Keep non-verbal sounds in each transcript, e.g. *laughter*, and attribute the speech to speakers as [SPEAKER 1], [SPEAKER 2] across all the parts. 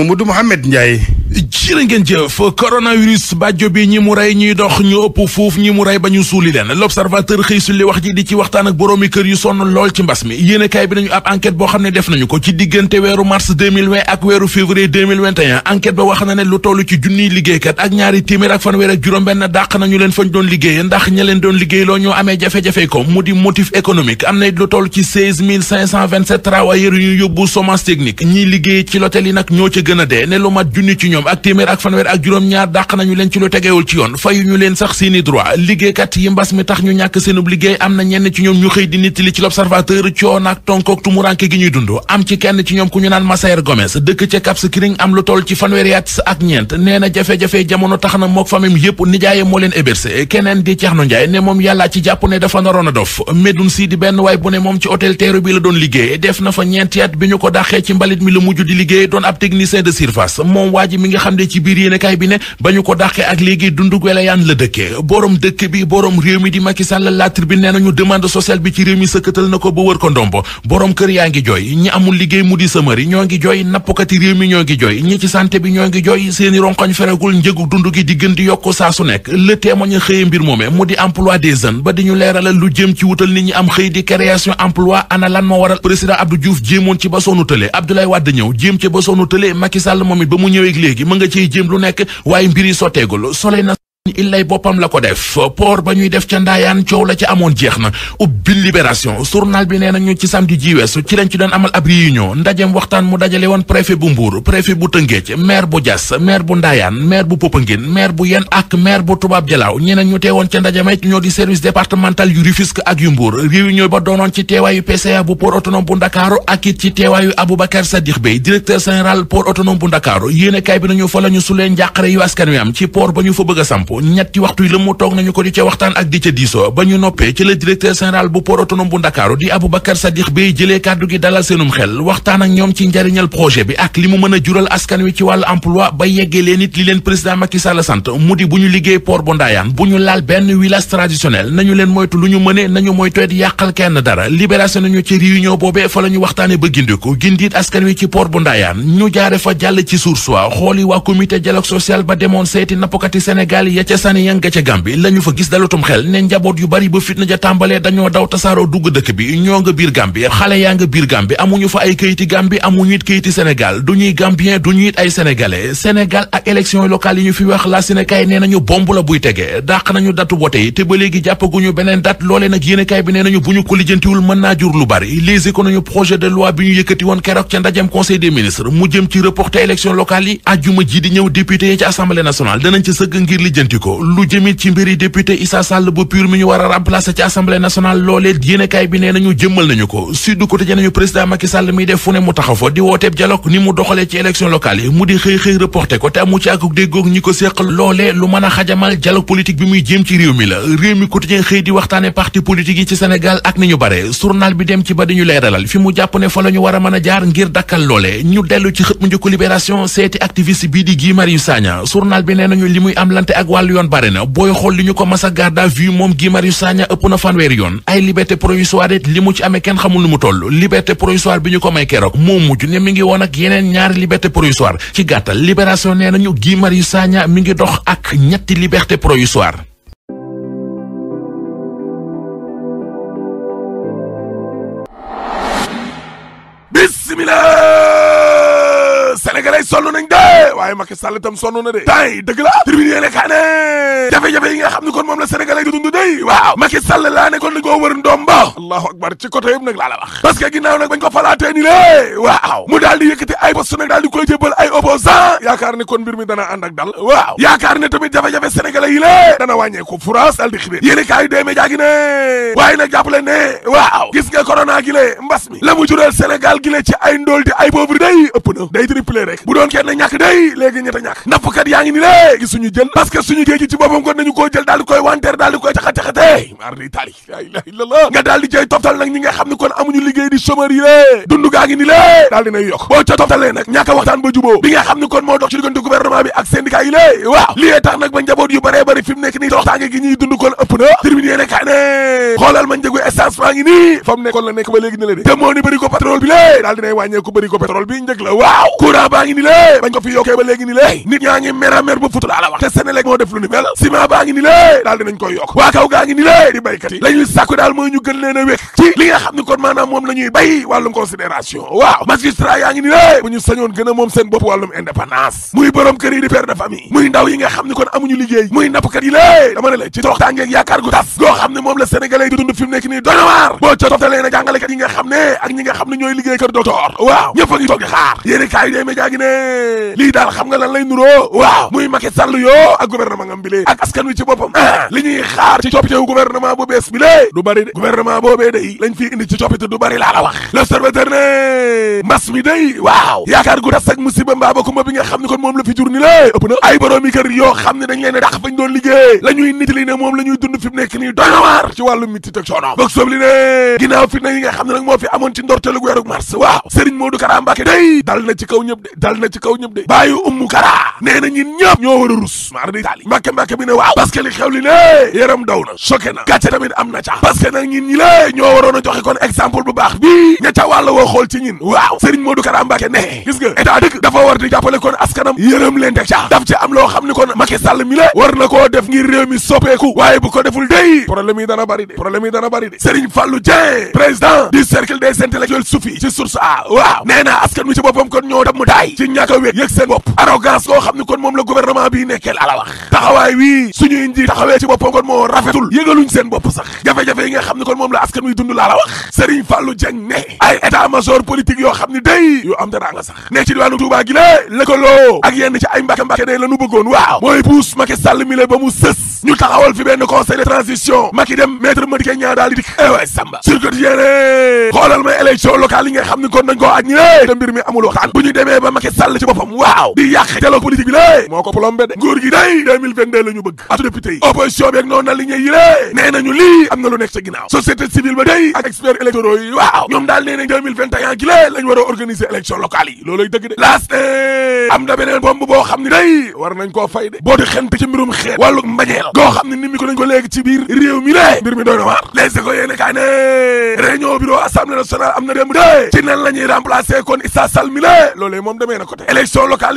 [SPEAKER 1] Mamadou Mouhamed Ndiaye jërë ngeen jëf coronavirus bàjjo bi ñi mu rey ñuy dox ñu ëpp fuuf ñi mu rey ba ñu suuli leen l'observateur xëy sulli wax ji di ci waxtaan ak boroomi kër yu sonn lool ci mbas mi yéene bi nañu ab enquête boo xam ne def nañu ko ci diggante weeru mars ak weeru février 2021 ba wax na ne lu toll ci junniy liggéeykat ak ñaari téeméer ak fanweer ak juróom-benn dàq nañu leen fañ doon liggéeye ndax ña leen doon liggéey loo ñoo gën a ne lu mat junni ci ñoom ak téeméer ak fanweer ak juróom-ñaar dàq nañu leen ci lu tegewul ci yoon fayu ñu leen sax seeni droit liggéeykat yi mbas mi tax ñu ñàkk seenub liggéey am ci kenn ci ñoom ku ñu naan Massaer Gomes dëkk ca Cap am lu toll ci fanweeri ak ñeent nee na jafe-jafe jamono tax na mook famem yëpp nijaaye moo leen hébergé keneen di Ceerno Njaay ne moom yàllaa ci jàpp ne dafa naroon dof Medoun di benn waay bu ne moom médecin de surface moom waa ji mi nga xam ne ci biir yéenekaay bi ne ba ñu ko dàqee ak léegi dundug welayaan la dëkkee borom dëkk bi borom réew mi di Macky Sall la tribune nee nañu demande sociale bi ci réew mi sëkkatal na ko ba wër ko ndombo borom kër yaa ngi jooy ñi amul liggéey mu di sëmëri ñoo ngi jooy nappkati réew mi ñoo ngi jooy ñi ci santé bi ñoo ngi jooy seeni ronkoñ feregul njëgu dund gi di gën di yokk saa su nekk le témoigne xëye mbir moome mu di emploi des jeunes ba Macky Sall moom it ba mu ñëwee léegi ma nga ciy jéem lu nekk waaye mbir yi sotteegul illay boppam la ko def port ba ñuy def ca ndaayaan coow la ca amoon jeex na ubbi libération journal bi nee ñu ci samedi ji weesu ci lañ ci doon amal ab réunion ndajeem waxtaan mu dajale woon préfet bu Mbour préfet bu Tëngéej maire bu Diass maire bu Ndaayaan maire bu Popenguine maire bu Yène ak maire bu Toubab Jalaaw ñeneen ñu teewoon ca ndajamay ñoo di service départemental yu Rufisque ak yu Mbour réunion ba doonoon ci teewaayu PCA bu port autonome bu Ndakaaru ak it ci teewaayu Aboubacar Sadikh Bèye directeur général port autonome bu Ndakaaru yéene kaay bi nañu wi am ci port ba ñu fa bëgg samp jàpp ñetti waxtu yi la mu toog nañu ko di ca waxtaan ak di ca diisoo ba ñu noppee ci la directeur général bu port autonome bu ndakaaru di Aboubacar Sadikh Bèye jëlee kàddu gi dalal seenum xel waxtaan ak ñoom ci njariñal projet bi ak li mu mën a jural askan wi ci wàllu emploi ba yeggee leen it li leen président Macky Sall sant mu di bu ñu liggéey port bu Ndaayaan bu ñu laal benn village traditionnel nañu leen moytu lu ñu mëne nañu moytu it yàqal kenn dara libération nañu ci réunion boobee fa la ñu waxtaane ba gindiku gindiit askan wi ci port bu Ndaayaan ñu jaare fa jàll ci Source A xooli waa comité dialogue social ba demoon seeti nappkati Sénégal yi ya ca sani yang ga ca Gàmbi la ñu fa gis dalatum xel ne njaboot yu bari ba fitna ja tàmbalee dañoo daw tasaaroo dugg dëkk bi ñoo nga biir Gàmbi xale yaa nga biir Gàmbi amuñu fa ay kayiti Gàmbi amuñu it kayiti Sénégal du ñuy Gambien du ñuy it ay Sénégalais Sénégal ak élection locale yi ñu fi wax la Sénégal nee nañu bomb la buy tege dàq nañu datu wote yi te ba léegi jàppaguñu beneen dat loole nag yéenekaay bi nee nañu bu ñu ko lijjantiwul mën naa jur lu bari lise ko nañu projet de loi bi ñu yëkkati woon keroog politico lu jëmit ci mbiri député Issa Sall bu pur mi ñu war a remplacer ci assemblée nationale loolee yéenekaay bi nee nañu jëmmal nañu ko Sud Quotidien nañu président Macky Sall mi def fu ne mu taxaw fa di wooteeb dialogue ni mu doxalee ci élection locale yi mu di xëy xëy reporté ko te amu ci ak déggoog ñi ko séq loolee lu mën a xajamal dialogue politique bi muy jéem ci réew mi la réew mi quotidien xëy di waxtaane parti politique yi ci Sénégal ak ni ñu bare journal a a wàllu yoon bare na booy xool li ñu ko mas a garde à vue moom Guy Marius ëpp na fanweeri yoon ay liberté provisoire it li mu ci amee kenn xamul nu mu toll liberté provisoire bi ñu ko may keroog moo mujj ne mi ngi woon ak yeneen ñaari liberté provisoire ci gàttal libération nee nañu Guy Marius Sagna mi ngi dox ak ñetti liberté provisoire
[SPEAKER 2] waaye Macky Sall itam sonn na de temps yi dëgg la tribune jafe-jafe yi nga xam ne kon moom la sénégalais di dund day waaw Macky laa ne kon di koo wër ndomba allahu akbar ci côté yëpp nag laa la wax parce que ginnaaw nag bañ ko falaatee ni lé waaw mu daal di yëkkati ay poste nag daal di koy jébbal ay opposant yaakaar ne kon bir mi dana ànd ak dal waaw yaakaar ne tamit jafe-jafe sénégalais yi lée dana wàññeeku France daal di la mu jural gi ay ndóol di ay pauvre day ëpp na day triplé yi léegi ñett a yaa ngi ni lée gi suñu jën parce que suñu géej ci boppam kon nañu koo jël daal di koy wanteer daal di koy caxa-caxate mar di tali la ilaha illallah nga daal di jëy toftal nag ñi nga xam ne kon amuñu liggéey di chômeur yi lée dund gaa ngi ni lée daal dinay boo ca toftalee nag ñàkk a waxtaan ba juboo bi nga xam ne kon moo dox ci diggante gouvernement bi ak syndicat yi waaw liyee tax nag ba njaboot yu bëree bëri fi mu nekk ba nit ñaa ngi mer a futu laa la wax te Senelec moo def lu ni mel ciment baa ngi ni lée daal dinañ koy yokk waa kaw gaa ngi ni lée di béykat yi lañ daal mooy ñu gën leen a wékk ci li nga xam ni kon maanaam moom la ñuy béy wàllum waaw magistrat yaa ngi ni lée bu ñu sañoon gën a moom seen bopp wàllum indépendance muy borom kër yi di père de famille muy ndaw yi nga xam ni kon amuñu liggéey muy nappkat yi lée dama ne la daal xam nga lan waaw muy Macky Sall yoo ak gouvernement ngam bi ak askan wi ci boppam ah, li xaar ci coppite wu gouvernement bu du bari de gouvernement boobee day lañ fi indi ci coppite du bari laa la wax ne mbas mi day waaw yaakaar gu tas musiba mbaa kumba bi nga xam ne kon moom la fi jur ni lee ëpp na ay kër yoo xam ne dañ leen a fañ doon liggéey la ñuy ne moom la ñuy dund fi mu nekk doy na waar ci wàllu mitit ak coono bog sob li ne ginnaaw fitna yi nga xam ne nag moo fi amoon ci ndorteelu weeru mars waaw Serigne taxawaayu ummu kara nee na ñun ñëpp ñoo war a maar di taali mbàkke mbàkke bi ne waaw parce li xew li ne yaram daw na choqué na gàcce tamit am na ca parce que nag ñi lée ñoo waroon a joxe kon exemple bu baax bii ña ca wàlla xool ci ñun waaw Serigne Modou Kara Mbàkke ne gis nga état dëkk dafa war di jàppale kon askanam yërëm leen teg ca daf ci am loo xam ni kon Macky Sall mi la war na koo def ngir réew mi soppeeku waaye bu ko deful day problème yi dana bari bari de Serigne bopp arrogance koo xam ne kon moom la gouvernement bi nekkeel ala wax taxawaay wii suñuy njiit taxawee ci boppam kon moo rafetul yëgaluñ seen bopp sax jafe-jafe yi nga xam ne kon moom la askan wi dund laa la wax Serigne Fallou Dieng ne ay état major politique yoo xam ne day yu am dara nga sax ne ci diwaanu Touba gi lé lëkkaloo ak yenn ci ay mbàkke-mbàkke day la nu bëggoon waaw mooy puus Macky Sall mi la ba mu sës ñu taxawal fi benn conseil de transition eh nga xam ne kon dañ koo demee ba Macky Sall ci boppam taxaw di yàq dialogue politique bi lée moo ko plombé de nguur gi day 2022 la ñu bëgg atu député yi opposition bi ak na li ñuy yilee nee nañu lii am na nekk ca ginnaaw société civile ba day ak experts électoraux yi waaw ñoom daal nee nañ 2021 gi lée lañ war a organiser élection yi looloy dëgg de last am na beneen bomb boo xam ne day war nañ koo fay de boo di ci mbirum xeet wàllu mbañeel goo xam ni mi ko nañ ko léegi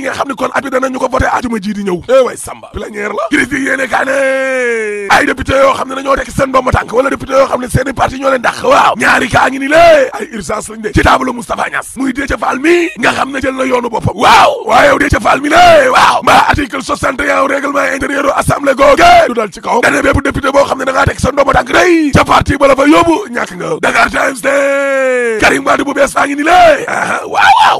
[SPEAKER 2] li nga xam ne kon abi danañu ko voté ajuma ji di ñëw eh way samba plénière la critique yéene kaa ne ay député yoo xam ne dañoo tekk seen ndomba tànk wala député yoo xam ne seeni parti ñoo leen dàq waaw ñaari kaa ni lée ay urgence lañ de ci taabalu Moustapha Niass muy Déthié Fall mi nga xam ne jël na yoonu boppam waaw waaye yow Déthié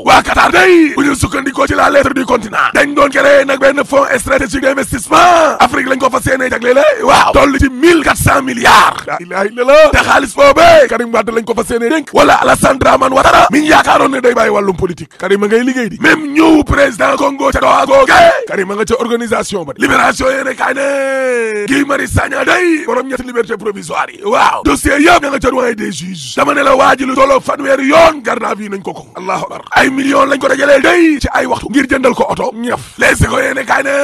[SPEAKER 2] waa Qatar day bu ñu sukkandikoo ci la lettre centre du continent dañ doon créé nag benn fonds stratégique d'investissement Afrique lañ ko fas yéene jagleel waaw toll ci mille quatre cent te xaalis boobee Karim Wade lañ ko fas yéene dénk wala Alassane Dramane Ouattara mi ñu yaakaaroon ne day bàyyi wàllum politique Karim ma ngay liggéey di même ñëw président Congo ca Doha googe Karim ma nga ca organisation ba libération yéene kaay ne Guy Marius day borom ñetti liberté provisoire waaw dossier yëpp ña nga ca doyen des jëndal ko oto ñëf les ko yéene kaay ne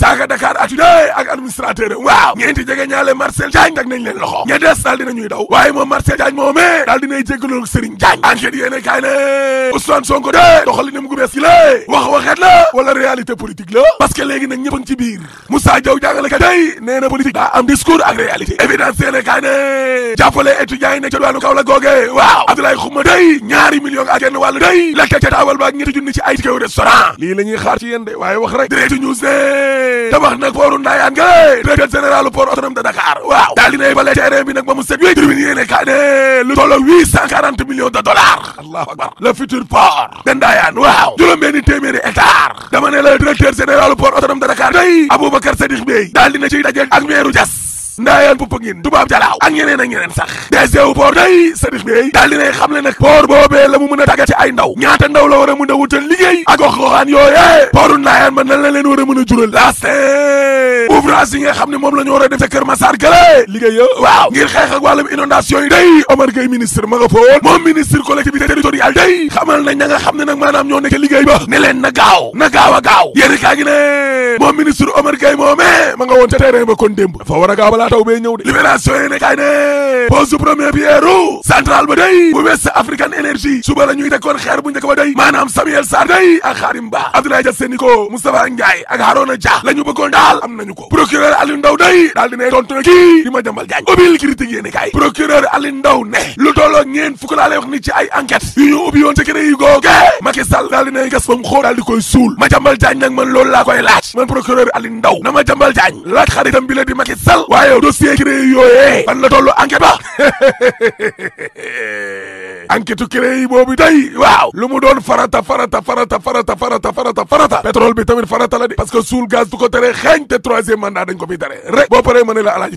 [SPEAKER 2] saaka Dakar atu dee ak administrateur waaw ñeenti jege ñaale Marcel Diagne teg nañ leen loxo ña des daal dinañuy daw waaye moom Marcel Diagne moomee daal dinay jéggaloo Serigne Diagne enquête yéene kaay ne Ousmane Sonko dee doxalinam gu bees gi lée wax waxeet la wala réalité politique la parce que léegi nag a ci biir Moussa Diaw jàngale ka day nee na daa am discours ak réalité évidence yéene kaay ne jàppale étudiants ne ca lii la ñuy xaar ci yéen de waaye wax rek direct news de tabax nag pooru Ndayane nga directeur général port autonome de Dakar waaw daal dinay bale terrain bi nag ba mu set wéy tribune yéene ka ne lu tollo huit cent quarante millions de dollars allahu akbar le futur port de Ndayane waaw juróom benni téeméeri hectare dama ne la directeur général port autonome de Dakar tey Aboubacar Sadikh Bèye daal dina ciy daje ak meeru Diass ndaayaan bu Popenguine tubaab jalaaw ak ñeneen ak ñeneen sax DG wu port day Serif Bey daal xam le nag port boobee la mu mën a tàggat ci ay ndaw ñaata ndaw la war a mën a wutal liggéey ak gox goxaan yooyee portu ndaayaan man nan la leen a mën a jural laas ouvrage yi nga xam ne moom la ñu war a def ca Kër Massar gëla liggéey ya waaw ngir xeex ak wàllum inondation yi day Omar Gueye ministre ma nga fa moom ministre collectivité territoriale day xamal nañ ña xam ne nag maanaam ñoo nekk liggéey ba ne leen na gaaw na gaaw a gaaw yéeni kaa gi ne moom ministre Omar Gueye moome ma nga woon ca terrain ba kon démb dafa war a gaaw balaa taw bee ñëw de libération yi ne kaay ne pose première pierre centrale ba day bu West African Energy suba la ñuy tekkoon xeer bu njëkk ba day maanaam Samuel Sarr day ak Xaarim Ba Abdoulaye Dia Seniko di ma jambal jaañ ubbil critique yéen kaay procureur Alioune Ndao ne lu tolloo ñeen wax ni ci ay enquête yu ñu ubbi ci kër yi googe Macky Sall daal dinay gas bam xóo daal di koy suul ma jambal jaañ nag man loolu laa koy laaj man procureur Alioune Ndao na ma jambal jaañ laaj xaritam bi la di Macky Sall waaye dossier kër yi yooyee ban la tollu enquête ba *laughs* enquête créé yi boobu day waaw lu mu doon farata farata farata farata farata farata farata pétrole bi tamit farata te troisième mandat dañ ko fiy tere rek boo la alaaji